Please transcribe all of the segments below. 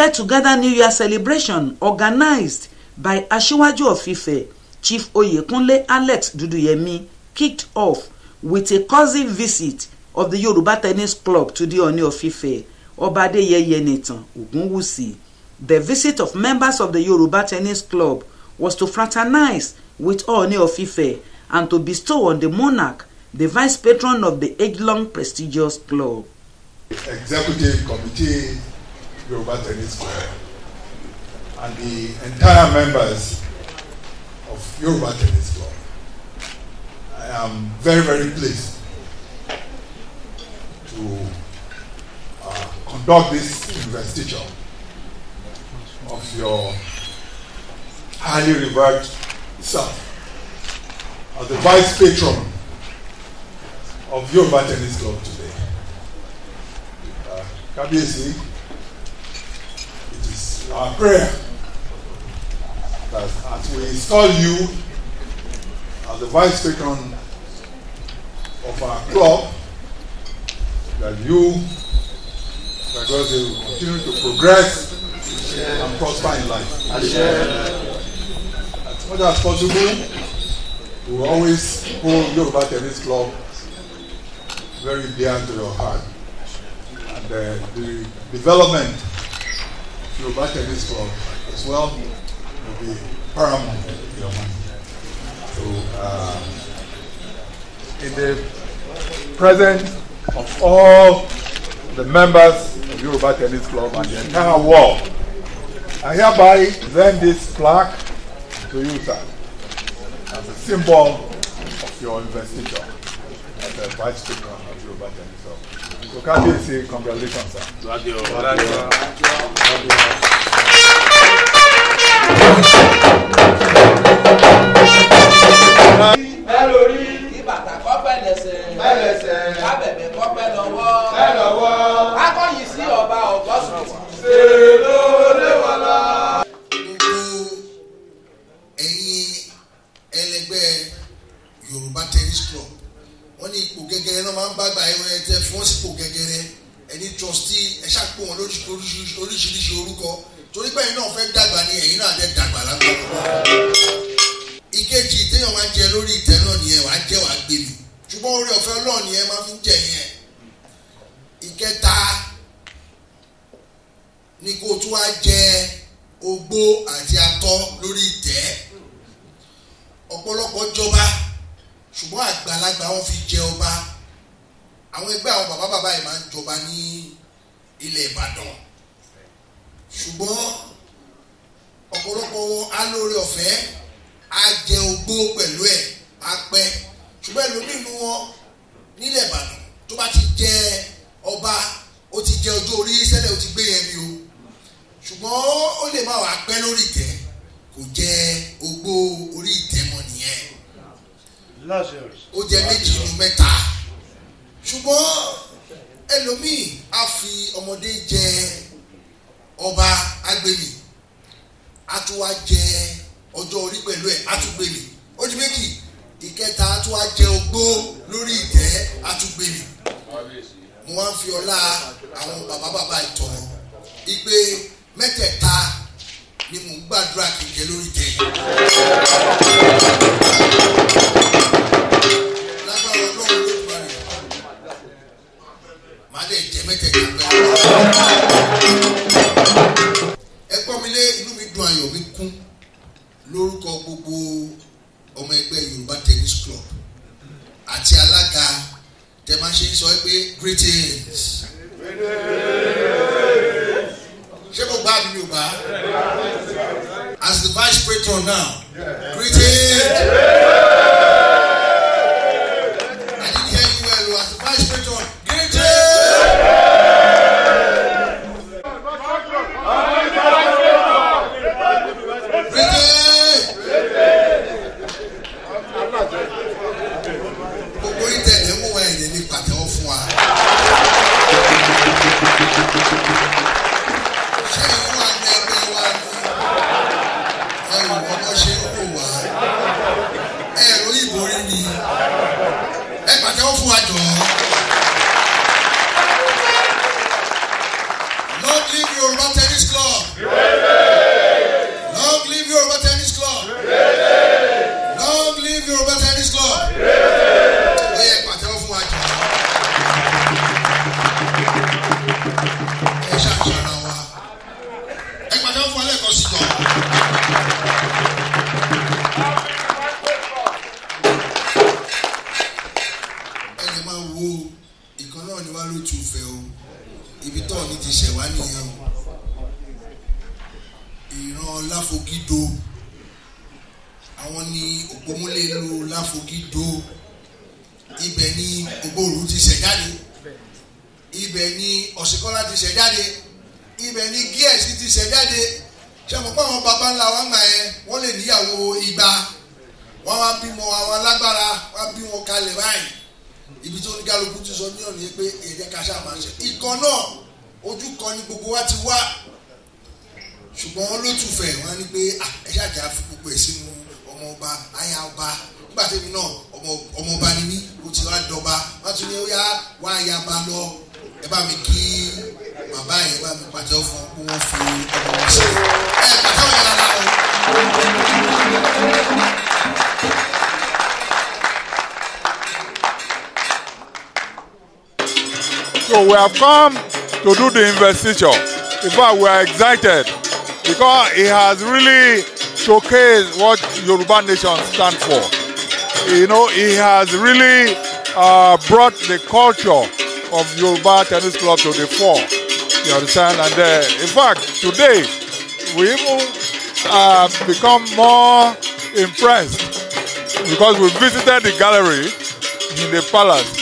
Get Together New Year celebration organised by Asiwaju of Ife, Chief Oyekunle Alex Duduyemi, kicked off with a cozy visit of the Yoruba Tennis Club to the Oni of Ife, Obadeyeye Nitan Ogunwusi. The visit of members of the Yoruba Tennis Club was to fraternise with Oni of Ife and to bestow on the monarch the vice patron of the age-long prestigious club. Executive Committee Yoruba Tennis Square and the entire members of Yoruba Tennis Club. I am very, very pleased to uh, conduct this investiture of your highly revered self as the vice patron of Yoruba Tennis Club today. Uh, is our prayer that as we install you as the vice patron of our club, that you, that God will continue to progress and prosper in life. As much as possible, we will always hold in this Club very dear to your heart. And uh, the development your bucket list for as well will be paramount to um, in the presence of all the members of Yoruba Tennis Club and the entire world, I hereby lend this plaque to you, sir, as a symbol of your investiture as a vice speaker of Yoruba Tennis So Kábíyèsí, congratulations, sir. Glad you're glad you're glad you're Mẹ́lórí. Kí bàtà kọ́ pẹ́ lẹ́sẹ̀. Mẹ́lẹ̀sẹ̀. fi wọ́n sípò gẹ́gẹ́rẹ́ ẹni trustee ẹ ṣàpò wọn lóríṣiríṣi orúkọ torí pé ẹ̀yin náà fẹ́ dàgbà ni ẹ̀yin náà dẹ̀ dàgbà lágbàdo. ìkejì téèyàn máa jẹ lórí ìtẹ́ náà nìyẹn wàá jẹ́ wàá gbèlú ṣùgbọ́n orí ọ̀fẹ́ Ọlọ́run nìyẹn máa fi ń jẹ yẹn. ìkẹta ni kó o tún wá jẹ ogbó àti atọ́ lórí ìtẹ́ ọ̀pọ̀lọpọ̀ jọba ṣùgbọ́n àgbàlagbà wọn fi jẹ ọba àwọn ẹgbẹ́ àwọn bàbá bàbá yìí máa ń jọba ní ilẹ̀ Ìbàdàn ṣùgbọ́n ọ̀pọ̀lọpọ̀ wọn á lórí ọ̀fẹ́ á jẹ ogbó pẹ̀lú ẹ̀ á pẹ́ ṣùgbọ́n ẹlòmíì wọn nílẹ̀ Ìbàdàn tó bá ti jẹ ọba ó ti jẹ ọjọ́ orí sẹ́lẹ̀ ó ti gbé yẹn mi o ṣùgbọ́n ó lè má wàá pẹ́ lórí ìtẹ́ kò jẹ ogbó orí ìtẹ́ mọ́ nìyẹn ó jẹ méjì nu mẹ́ta ṣùgbọ́n ẹlòmíì á fi ọmọdé jẹ ọba agbèlè á tún wá jẹ ọjọ́ orí pẹ̀lú ẹ̀ á tún gbèlè ó di méjì ìkẹta á tún wá jẹ ogbó lórí ìtẹ́ á tún gbèlè mo wá ń fi ọlá àwọn bàbá bàbá ìtàn ìgbé mẹ́tẹ̀ẹ̀ta ni mò ń gbàdúrà kìkẹ́ lórí ìtẹ́ yìí. mẹ́tẹ̀ẹ̀ta pẹ̀lú ẹ mi lé inú mi dùn ayọ̀ mi kún lórúkọ gbogbo ọmọ ẹgbẹ́ Yorùbá Tennis Club àti alága tẹ máa ṣe pé greetings ṣé mo gbá mi ò as the vice president now greetings. balẹ̀ báyìí ibi tó ní kálukú ti sọ ní ọ̀nà pé èdè kàṣà máa ń ṣe ìkan náà ojú kan ní gbogbo wa ti wá ṣùgbọ́n wọn ló tùfẹ̀ wọn ni pé ẹ ṣàjà fi gbogbo ẹ̀ sínú ọmọ ọba aya ọba nígbà tẹ́mi náà ọmọ ọba ni mí o ti wá dọba wọn tún ní ó yá wá aya ba lọ ẹ bá mi kí bàbá yẹn bá mi pàtẹ́ fún un kó wọ́n fi ọmọ wọn ṣe ẹ pàtẹ́ wọn yàrá o. So we have come to do the investiture. In fact, we are excited because it has really showcased what Yoruba Nation stands for. You know, it has really uh, brought the culture of Yoruba Tennis Club to the fore. You understand? And uh, in fact, today we even uh, become more impressed because we visited the gallery in the palace,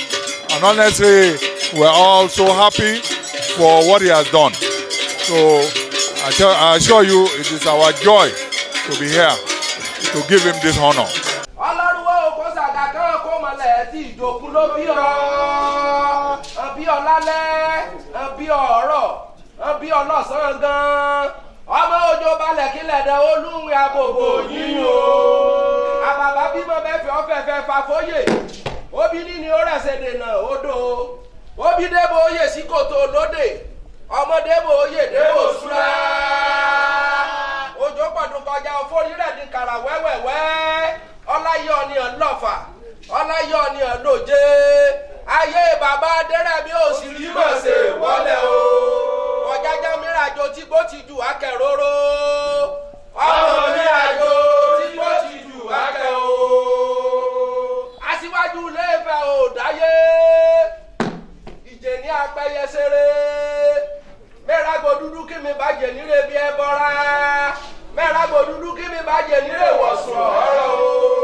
and honestly, we're all so happy for what he has done. So I, tell, I assure you, it is our joy to be here to give him this honor. ọmọ òjò balẹ̀ kílẹ̀ dẹ olúwìn àbòbò yín o àbàbà bímọ bẹ́ẹ̀ fi ọ́ fẹ́fẹ́ fàfóyè obìnrin ni ó rẹ̀ ṣe dènà odò. obi debo oyè sí lode, lóde ọmọ debo oyè debo súra òjò pọ̀dùn kọjá kara ní kàrà wẹ́wẹ́wẹ́ ọláyọ̀ ni ọ̀ lọ́fà ọláyọ̀ lóje ayé bàbá adẹ́rẹ́bí ò sì rí mọ̀ wọlé o ọ̀jájá mìíràn àjò tí bó ti jù akẹ́rọ́rọ́ ọmọ mi tí bó ti jù akẹ́ o aṣíwájú rere mẹ́ra gbọ́ dúdú kí mi bàjẹ́ nílé bí ẹ bọ́ra mẹ́ra gbọ́ dúdú kí mi bàjẹ́ nílé wọ̀sùn ọ̀rọ̀ o.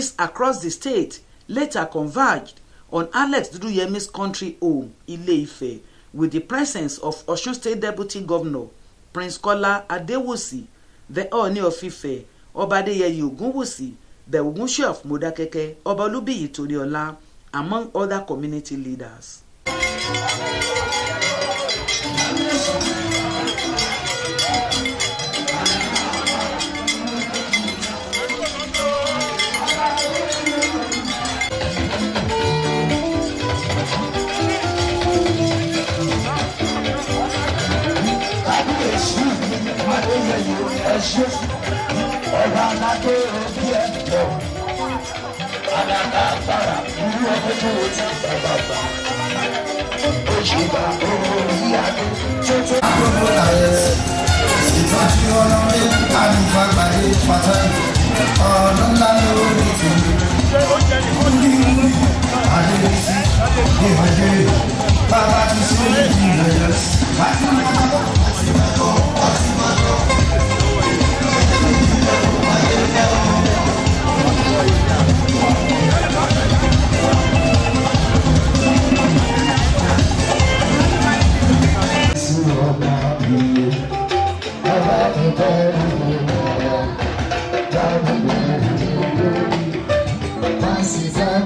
Critics across the state later converged on Alex Duduyemi's country home, Ile-Ife, with the presence of Osun State Deputy Governor Prince Kola Adewusi, the Ooni of Ife, Obadeyeye Ogunwusi, the Ogunse of Modakeke, Oba Olubiyi Toriola, among other community leaders. ṣe ọba aládé ojú ẹ pọ adaka agbára irú ọdún tó o ti bàbà bá òṣìbà owó yíyàgbé tó tó. àkókò ààyè ìtọ́jú ọlọ́run alùpàgbàdé pàtàkì ọ̀ọ́dún ńlá lórí ìtìlú. Adébísí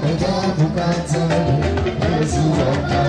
na-enye bukata ezi ọka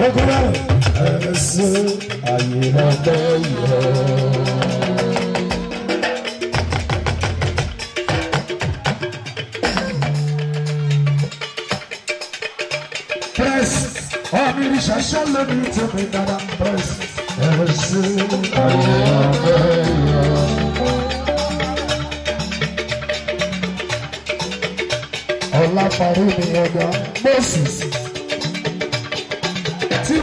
ṣókúrò ẹ̀sìn ayé lọ́tẹ̀ yọ. Press ọ̀mí ní ṣàṣà lónìí tó fi dára press ẹ̀sìn ayé lọ́tẹ̀ yọ. Ọláparí ni ọjà Moses.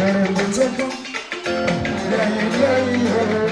Yeah, yeah, yeah, yeah.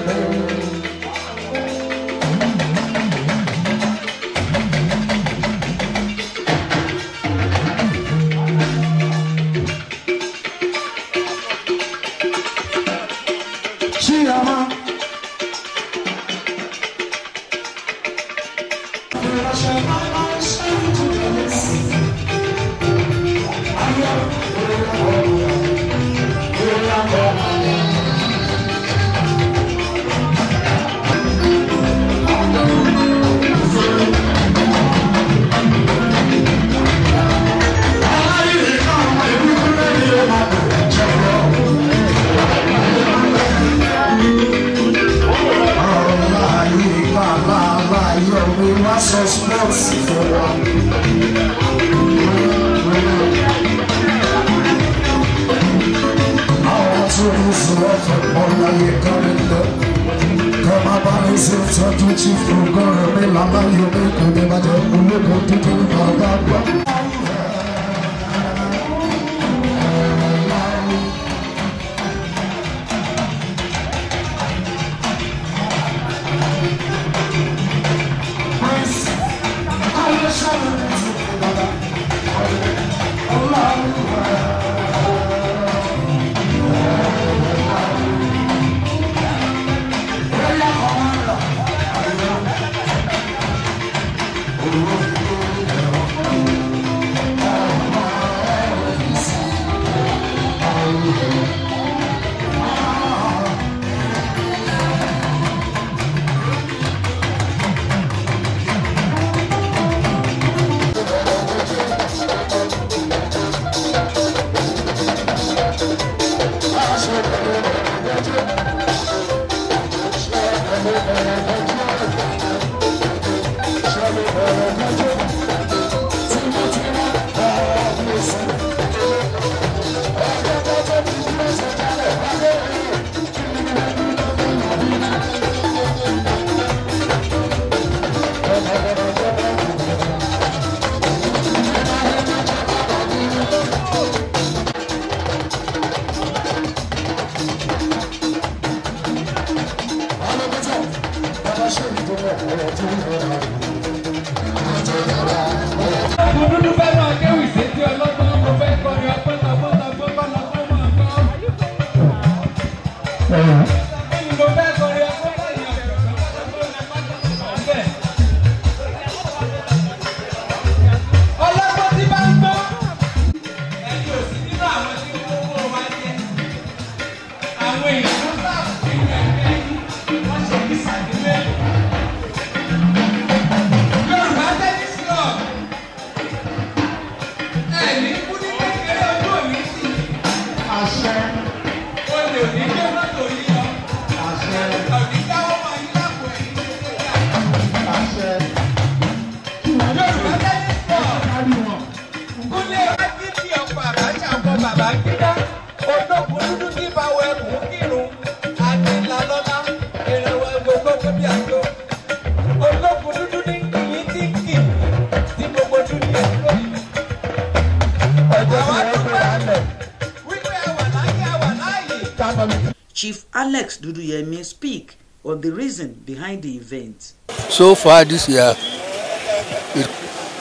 Alex Duduyemi speak on the reason behind the event. So far this year, it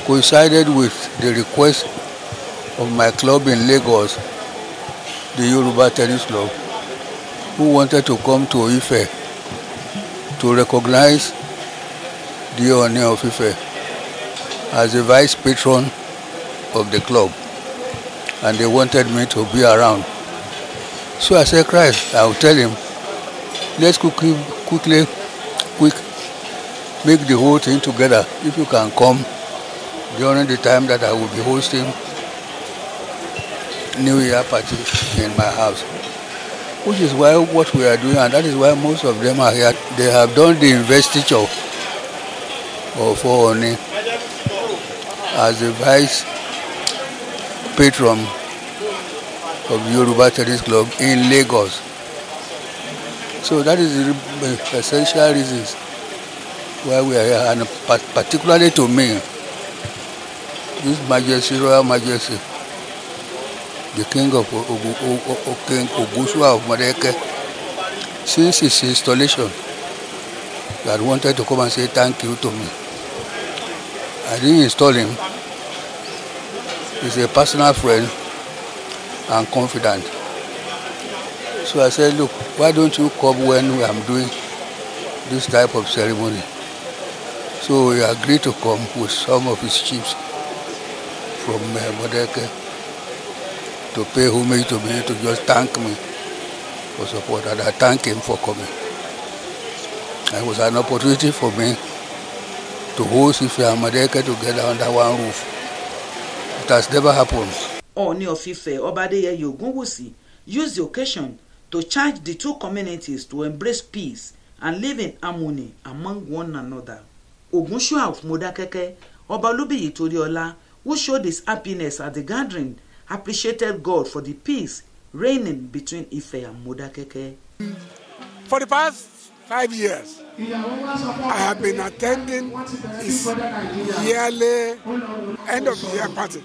coincided with the request of my club in Lagos, the Yoruba Tennis Club, who wanted to come to Ife to recognize the honor of Ife as a vice patron of the club and they wanted me to be around. So I said, Christ, I'll tell him let's quickly, quickly, quick, make the whole thing together. If you can come during the time that I will be hosting New Year party in my house, which is why what we are doing, and that is why most of them are here. They have done the investiture of Ooni as the vice patron of Yoruba Tennis Club in Lagos. So that is the essential reasons why we are here, and particularly to me, His Majesty, Royal Majesty, the King of Ogu, Ogu, King Ogusua of Madeke, since his installation, he had wanted to come and say thank you to me. I didn't install him. He's a personal friend and confidant. So I said, look, why don't you come when I'm doing this type of ceremony? So he agreed to come with some of his chiefs from uh, Modeke to pay homage to me, to just thank me for support. And I thank him for coming. And it was an opportunity for me to host Ife and Modeke together under one roof. It has never happened. Ọọ̀ni of Ife Ọba Adéyẹyè Ògúnwùsì used the occasion to charge the two communities to embrace peace and live in harmony among one another. Ogunshua of Modakeke, Oba Olubiyi Toriola, who showed his happiness at the gathering, appreciated God for the peace reigning between Ife and Modakeke. For the past five years, I have been attending his yearly end of year party.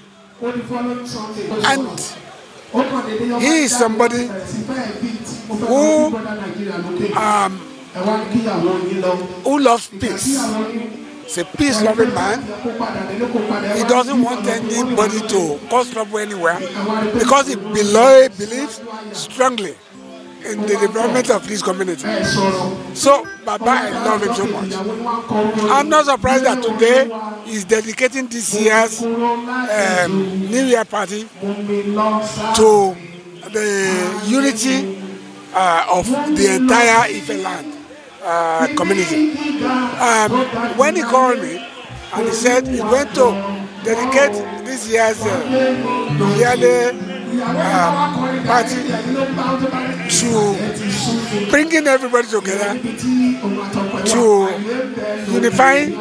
And He is somebody who, um, who loves peace. He's a peace loving man. He doesn't want anybody to cause trouble anywhere because he believes strongly in the development of this community. So Baba, I love him so much. I'm not surprised that today he's dedicating this year's um, New Year party to the unity uh, of the entire Ife land uh, community. Um, when he called me and he said he went to dedicate this year's uh, yearly um, party to bringing everybody together to unifying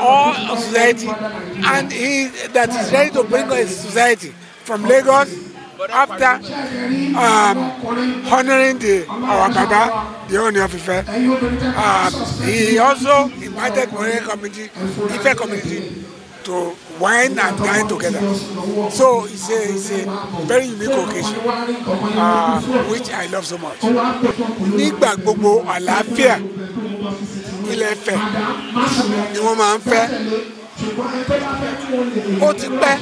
all of society and he that is ready to bring his society from Lagos after um, honoring the our Baba, the Oni of Um, he also invited Moye community, Ife community to wine and dine together. So it's a, it's a very unique occasion uh, which I love so much. Nígbà gbogbo àlàáfíà ilẹ̀ Ifẹ̀ ni wọ́n máa ń fẹ́. Ó ti pẹ́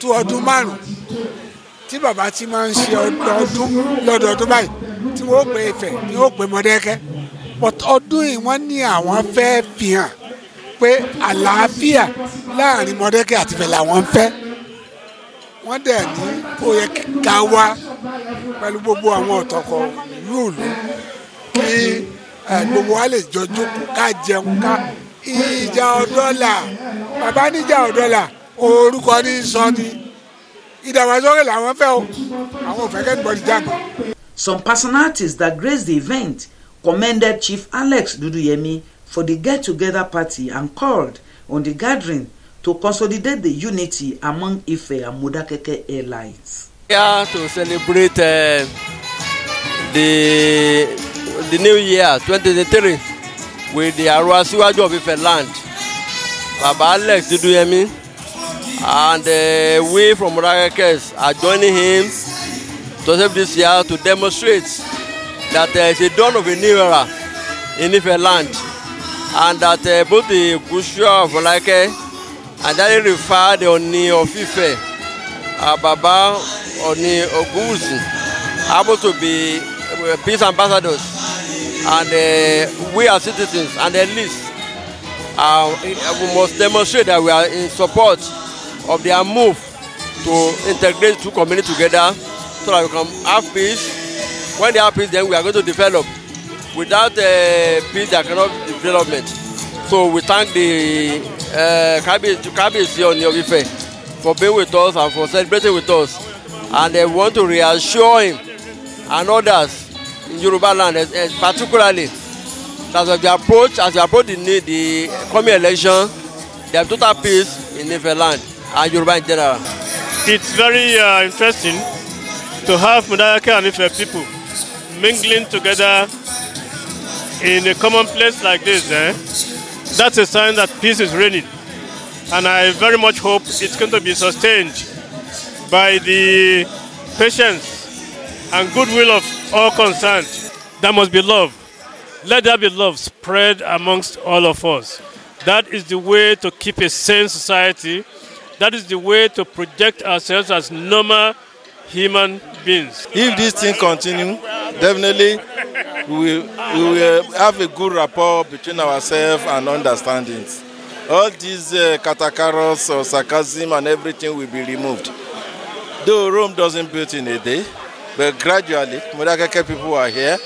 tó ọdún márùn-ún tí bàbá ti máa ń ṣe ọdún lọ́dọọdún báyìí tí wọ́n ó pè Ifẹ̀ tí wọ́n ó pè Mọdákẹ́kẹ́. But ọdún yìí wọ́n ní àwọn fẹ́ fi hàn pé àlàáfíà láàrin Mọdékè àti Fẹlá wọn ń fẹ́ wọ́n dẹ̀ ní ó yẹ ká wá pẹ̀lú gbogbo àwọn ọ̀tọ̀kọ̀ lóòlù kí gbogbo wa lè jọ jókòó ká jẹun ká ìjà ọ̀dọ́là bàbá níjà ọ̀dọ́là orúkọ ní sọ ni ìdàgbàsókè làwọn fẹ́ o àwọn ò kẹ́gbọ́dì jàgbọ́. Some personalities that grace the event commended Chief Alex Duduyemi for the get together party and called on the gathering to consolidate the unity among Ife and Mudakeke airlines. We are to celebrate uh, the the new year 2023 with the Arua Siwaju of Ife land, Baba Alex Duduyemi, and uh, we from Modakeke are joining him to serve this year to demonstrate that there is a dawn of a new era in Ife land and that uh, both the Gusua of Olake and that refer the Oni of Ife, uh, Baba Oni Ogunwusi, able to be uh, peace ambassadors. And uh, we are citizens, and at least uh, we must demonstrate that we are in support of their move to integrate two communities together so that we can have peace. When they have peace, then we are going to develop. Without uh, peace, be development. So we thank the Kábíyèsí Ọọ̀ni of Ife for being with us and for celebrating with us. And uh, we want to reassure him and others in Yoruba land, uh, particularly that as we approach, as we approach the, new the coming election, they be total peace in Ife land and Yoruba in general. It's very uh, interesting to have Madayaka and Ife people mingling together in a common place like this, eh, that's a sign that peace is reigning. And I very much hope it's going to be sustained by the patience and goodwill of all concerned. That must be love. Let there be love spread amongst all of us. That is the way to keep a sane society. That is the way to project ourselves as normal human beans. If this thing continue, definitely we we will uh, have a good rapport between ourselves and understandings. All these uh, catakaros or sarcasm and everything will be removed. Though Rome doesn't build in a day, but gradually, Modakeke people are here,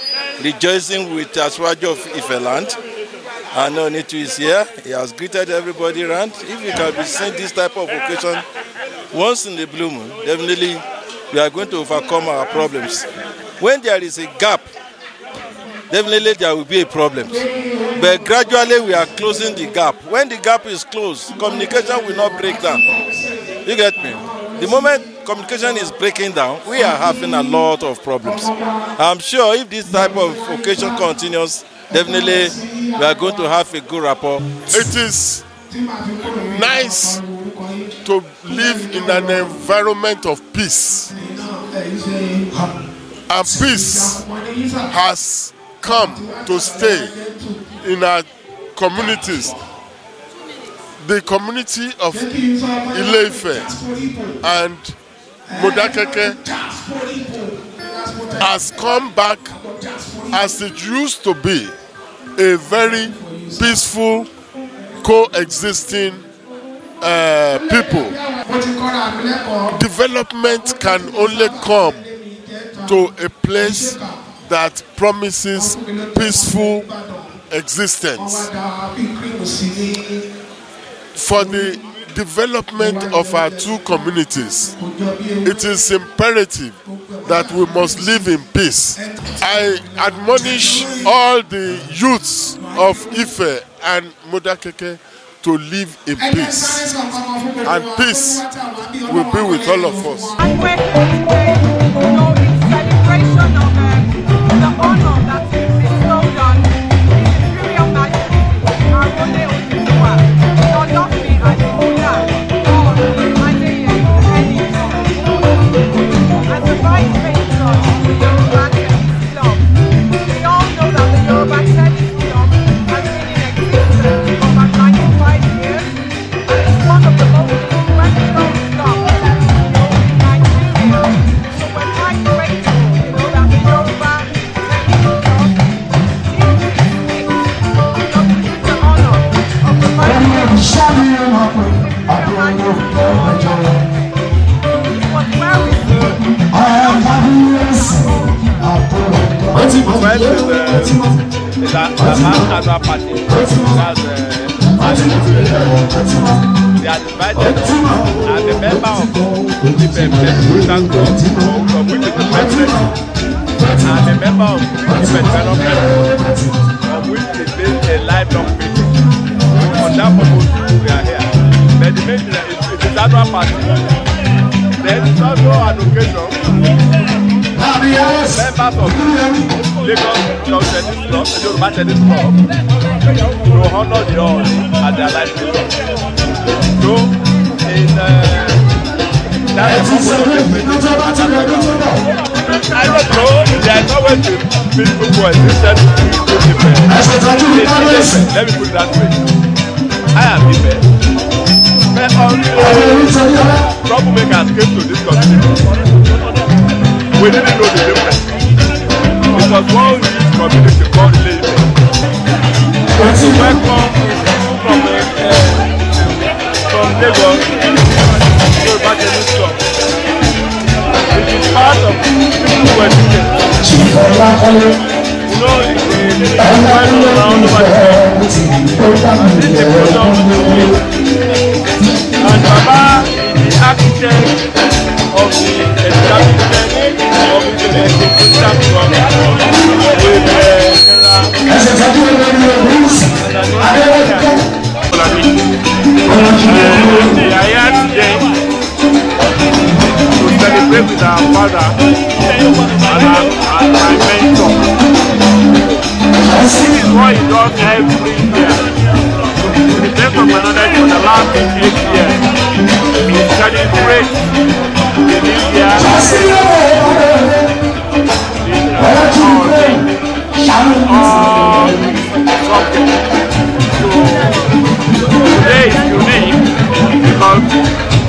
rejoicing with Aswajo of Ifeland. I know Nitu is here. He has greeted everybody around. If you can be seeing this type of occasion once in the blue moon, definitely we are going to overcome our problems. When there is a gap, definitely there will be a problem. But gradually we are closing the gap. When the gap is closed, communication will not break down. You get me? The moment communication is breaking down, we are having a lot of problems. I'm sure if this type of occasion continues, definitely we are going to have a good rapport. It is nice to live in an environment of peace. And peace has come to stay in our communities. The community of ile and Modakeke has come back as it used to be a very peaceful, coexisting uh, people. Development can only come to a place that promises peaceful existence. For the development of our two communities, it is imperative that we must live in peace. I admonish all the youths of Ife and Modakeke to live in peace. And peace will be with all of us. when the people who are interested in people Let me put it that way. I am different. But until troublemakers came to this community, we didn't know the difference. It was one huge community called Leyte. When you welcome from, uh, from Lagos, go back to this shop. It is part of people who were treated. You know, it, it, it went This is the product of the way. And Baba is the architect of the establishment of the establishment with uh, General Oladipo. And they are here today. pray with our father and my mentor. This is what he does every year. The death of another for the last eight years. He's carrying grace in India. All subjects. So today is unique because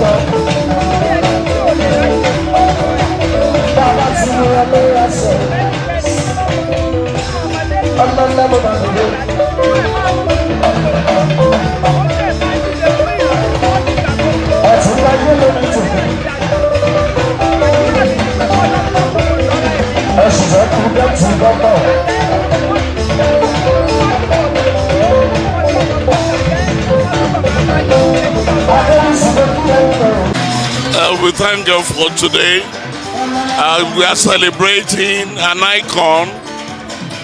Bàbá tí we thank God for today. Uh, we are celebrating an icon,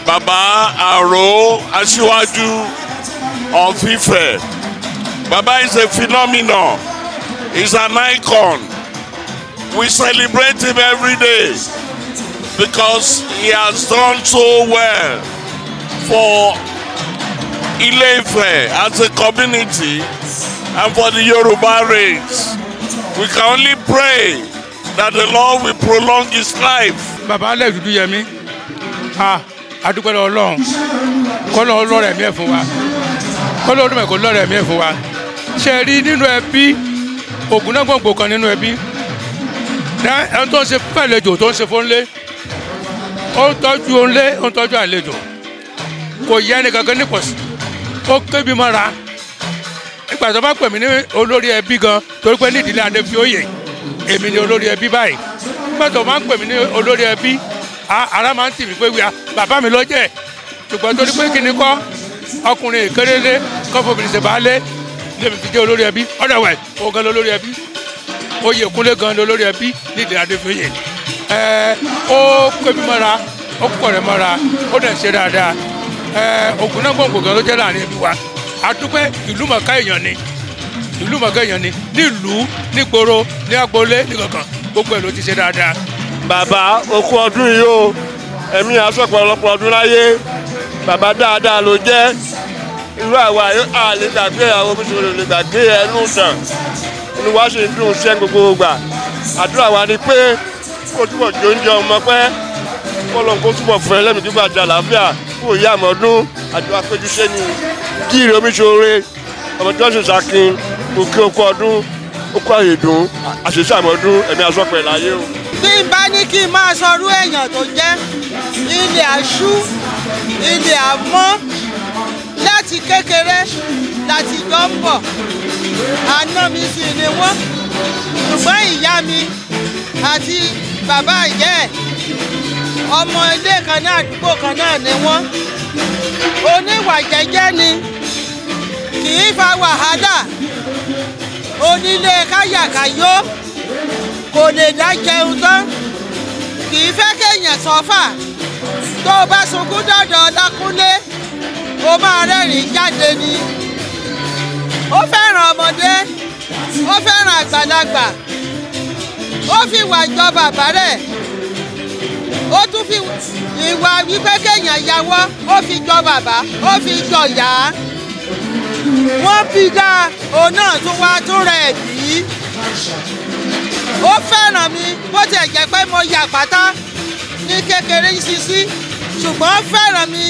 Baba Aro Asiwaju of Ife. Baba is a phenomenon, he's an icon. We celebrate him every day because he has done so well for Ile-Ife as a community and for the Yoruba race. We can only pray that the Lord will prolong his life. Bàbá Alex Dúdúyẹmí, àdúgbò Ọlọ́run, kọ́nà ọlọ́rẹ̀ mi ẹ̀ fún wa, kọ́nà ọdún mẹ́kọ̀ọ́ lọ́rẹ̀ mi ẹ̀ fún wa. Ṣé ẹ rí nínú ẹbí ògùn náà gbọ̀ngbò kan nínú ẹbí? Ẹni tó ń ṣe fẹ́lẹ̀jò tó ń ṣe fónlé, ó ń tọ́jú ònlé, ó ń tọ́jú àlejò. Kò yẹ ẹni kankan nípọ̀sí, ó kébi mọ́ra. Ìgbà tó bá pè mí ní olórí ẹbí gan torí pé nídìílé adé fi ó yè èmi ni olórí ẹbí báyìí mẹ́tọ̀ máa ń pè mí ní olórí ẹbí ara máa ń tì mí pé wíwá bàbá mi lọ́jẹ̀ ṣùgbọ́n torí pé kí ni kọ́ ọkùnrin ìkérédé kọ́fọ́bìnrin ṣèbálé lèmi fi jẹ́ olórí ẹbí ọ̀dọ̀wẹ̀ òun gan lolórí ẹbí Oyèkúnlé gan lolórí ẹbí nídìí Adéfúyè ẹ o pè mí mọ́ra ó kọ̀ rẹ̀ mọ́ra ó dẹ̀ ṣe dáadáa ẹ Ògúnnágbòǹgbò gan ló jẹ́ láàrin ẹbí wa àdúpẹ́ ìlú mọ̀ká èèyàn ni ìlú mọ̀kẹ́yàn ni nílùú nígboro ní agboolé nìkankan gbogbo ẹ̀ ló ti ṣe dáadáa. bàbá okú ọdún yìí o ẹ̀mí asọ̀pọ̀ ọlọ́pọ̀ ọdún láyé bàbá dáadáa ló jẹ́ irú àwa àlè gbàgbé àwọn omiṣòro lè gbàgbé ẹnu sàn inú wa ṣe ń dùn sẹ́ gbogbo gbà àdúrà wa ni pé kó túbọ̀ jó oúnjẹ ọmọ pẹ́ kó lóun kó túbọ̀ fún ẹlẹ́mìí gbígbà àti àlàáfíà kó ìyá àmọ́dún àdúrà péjú sẹ́ni jíire omiṣòro ọmọ jọ́sìn sakin mo kí o kú ọdún ó kú àyè dùn àṣìṣe ẹ̀mí asọ́pẹ̀ láyé o. bí n bá ní kí n máa sọrú èèyàn tó jẹ́ ilé àṣú ilé àmọ́ láti kékeré láti jọ ń bọ̀ àná mi sì ni wọ́n ṣùgbọ́n ìyá mi àti bàbá ìyá ẹ̀ ọmọ ilé kan náà àdúgbò kan náà ni wọ́n oníwà jẹ́jẹ́ ni kì í fa wàhálà onílé káyàkáyó kò lè dá jẹun tán kì í fẹ́ kéèyàn sọ́fà tó o bá sunkún dọ̀dọ̀ Ọlákúnlé o máa rẹ́rìn-ín jáde ni ó fẹ́ràn ọmọdé ó fẹ́ràn àgbàlagbà ó fi ìwà jọ bàbá rẹ̀ ó tún fi ìwà wípé kéèyàn yáwọ́ ó fi jọ bàbá ó fi jọ yàá wọ́n bí dáa òun náà tún wá tún rẹ̀ bí ó fẹ́ràn mi bó tiẹ̀ jẹ́ pé mo yà pátá ní kékeré sísí ṣùgbọ́n fẹ́ràn mi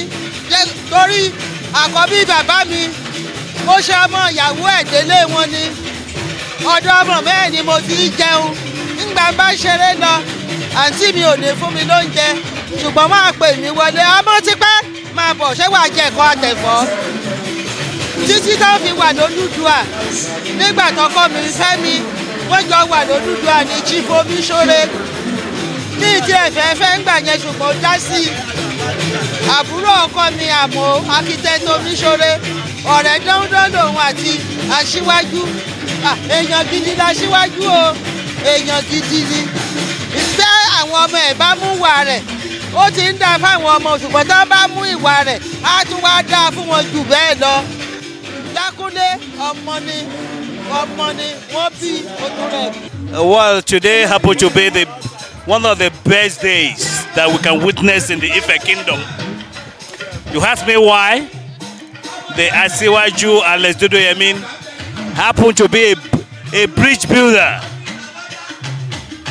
torí àkọ́bí bàbá mi ó ṣe ọmọ ìyàwó ẹ̀ délé wọn ni ọ̀dọ̀ ọmọ mẹ́rin ni mo ti jẹun ńgbà bá ṣeré lọ àǹtí mi ò ní fún mi lóúnjẹ ṣùgbọ́n máa pè mí wọlé ọmọ tipẹ́ máa bọ̀ ṣé wàá jẹ ẹ̀kọ́ àtẹ̀fọ́ títí tó fi wà lódùdúà nígbà tọkọ mi fẹ́mi wọ́n jọ wà lódùdúà ní chief ní ìdí ẹ̀fẹ́ ń gbà yẹn ṣùgbọ́n dá sí i àbúrò ọkọ mi àmọ́ akitẹ́tò omiṣore ọ̀rẹ́ dánwúndán àti aṣíwájú èèyàn gidi láṣíwájú o èèyàn gidi ni ìfẹ́ àwọn ọmọ ẹ̀ bá mú wà rẹ̀ ó ti ń dáa fáwọn ọmọ ṣùgbọ́n tó bá mú ìwà rẹ̀ á tún wá dáa fún wọn jù bẹ́ẹ̀ lọ. Dákúndé Well, today happened to be the, one of the best days that we can witness in the Ife Kingdom. You ask me why? The Asiwaju Alex Dodo Yamin happened to be a, a bridge builder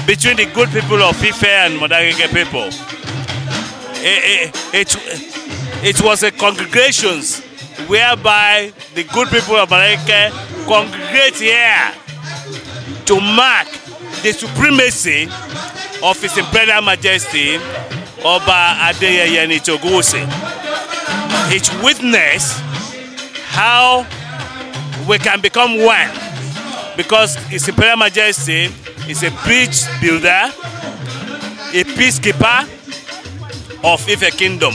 between the good people of Ife and Modagege people. It, it, it, it was a congregations whereby the good people of Amaleke congregate here to mark the supremacy of His Imperial Majesty Oba Adeyeye Nitoguwose. It witness how we can become one because His Imperial Majesty is a bridge builder, a peacekeeper of Ife Kingdom.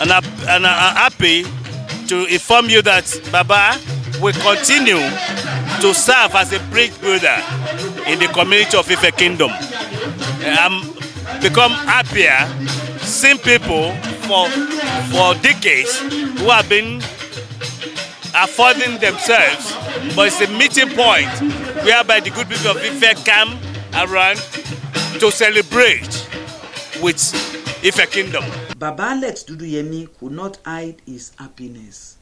And, I, and I'm happy to inform you that Baba will continue to serve as a bridge builder in the community of Ife Kingdom. Eh, I'm become happier seeing people for for decades who have been affording themselves, but it's a meeting point whereby the good people of Ife come around to celebrate with Ife Kingdom. Baba Alex Duduyemi could not hide his happiness.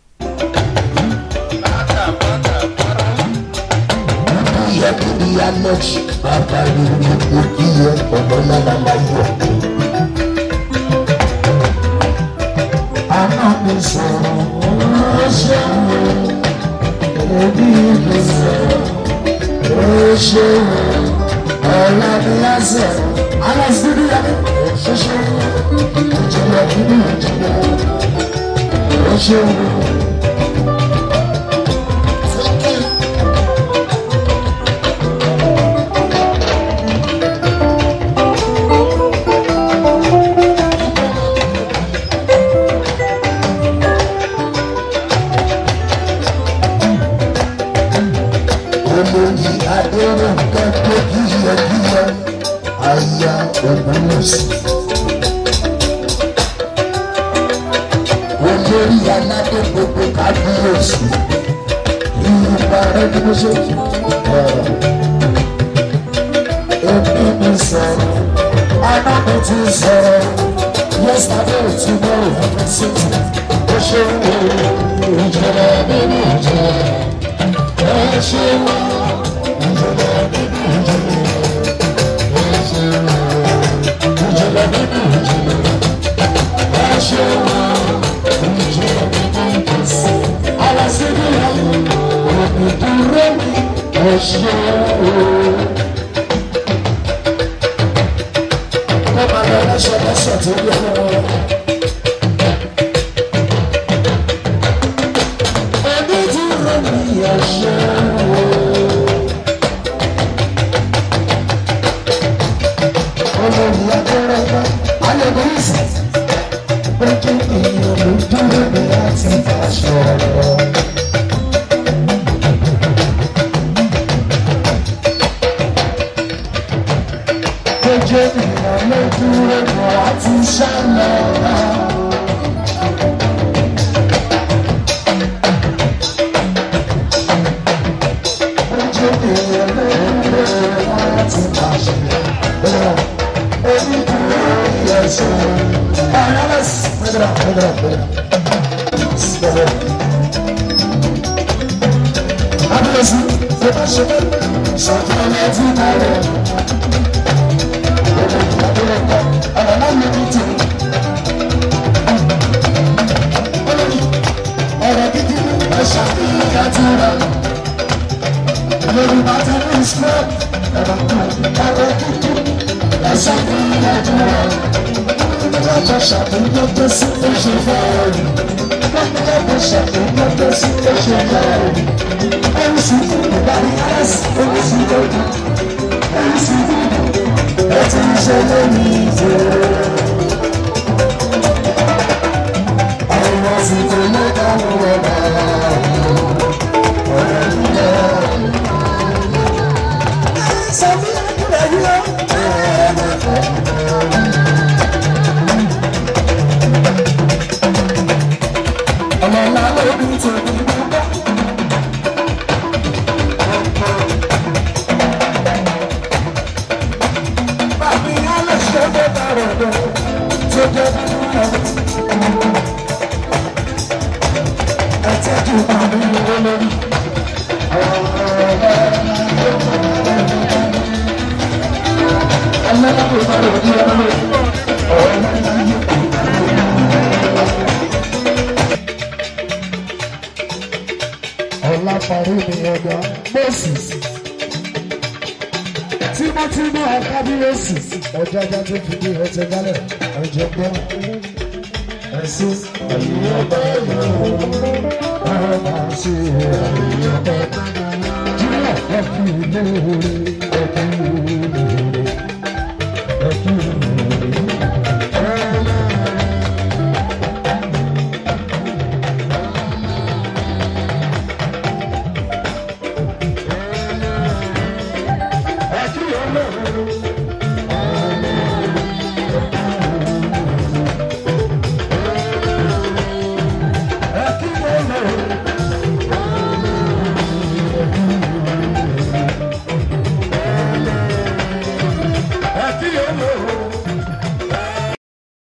Ìyá kí Alex bàbá mi ní ojú yẹ ọ̀nà lára láyọ̀ kan. Àná mi sọ̀rọ̀ ó ṣeun, ẹbí mi sọ̀rọ̀ ó ṣeun, ọ̀la mi sọ̀rọ̀. Alex Duduyemi ṣiṣẹ́ ìjọba ìlú ìjọba ó ṣeun. Thank you.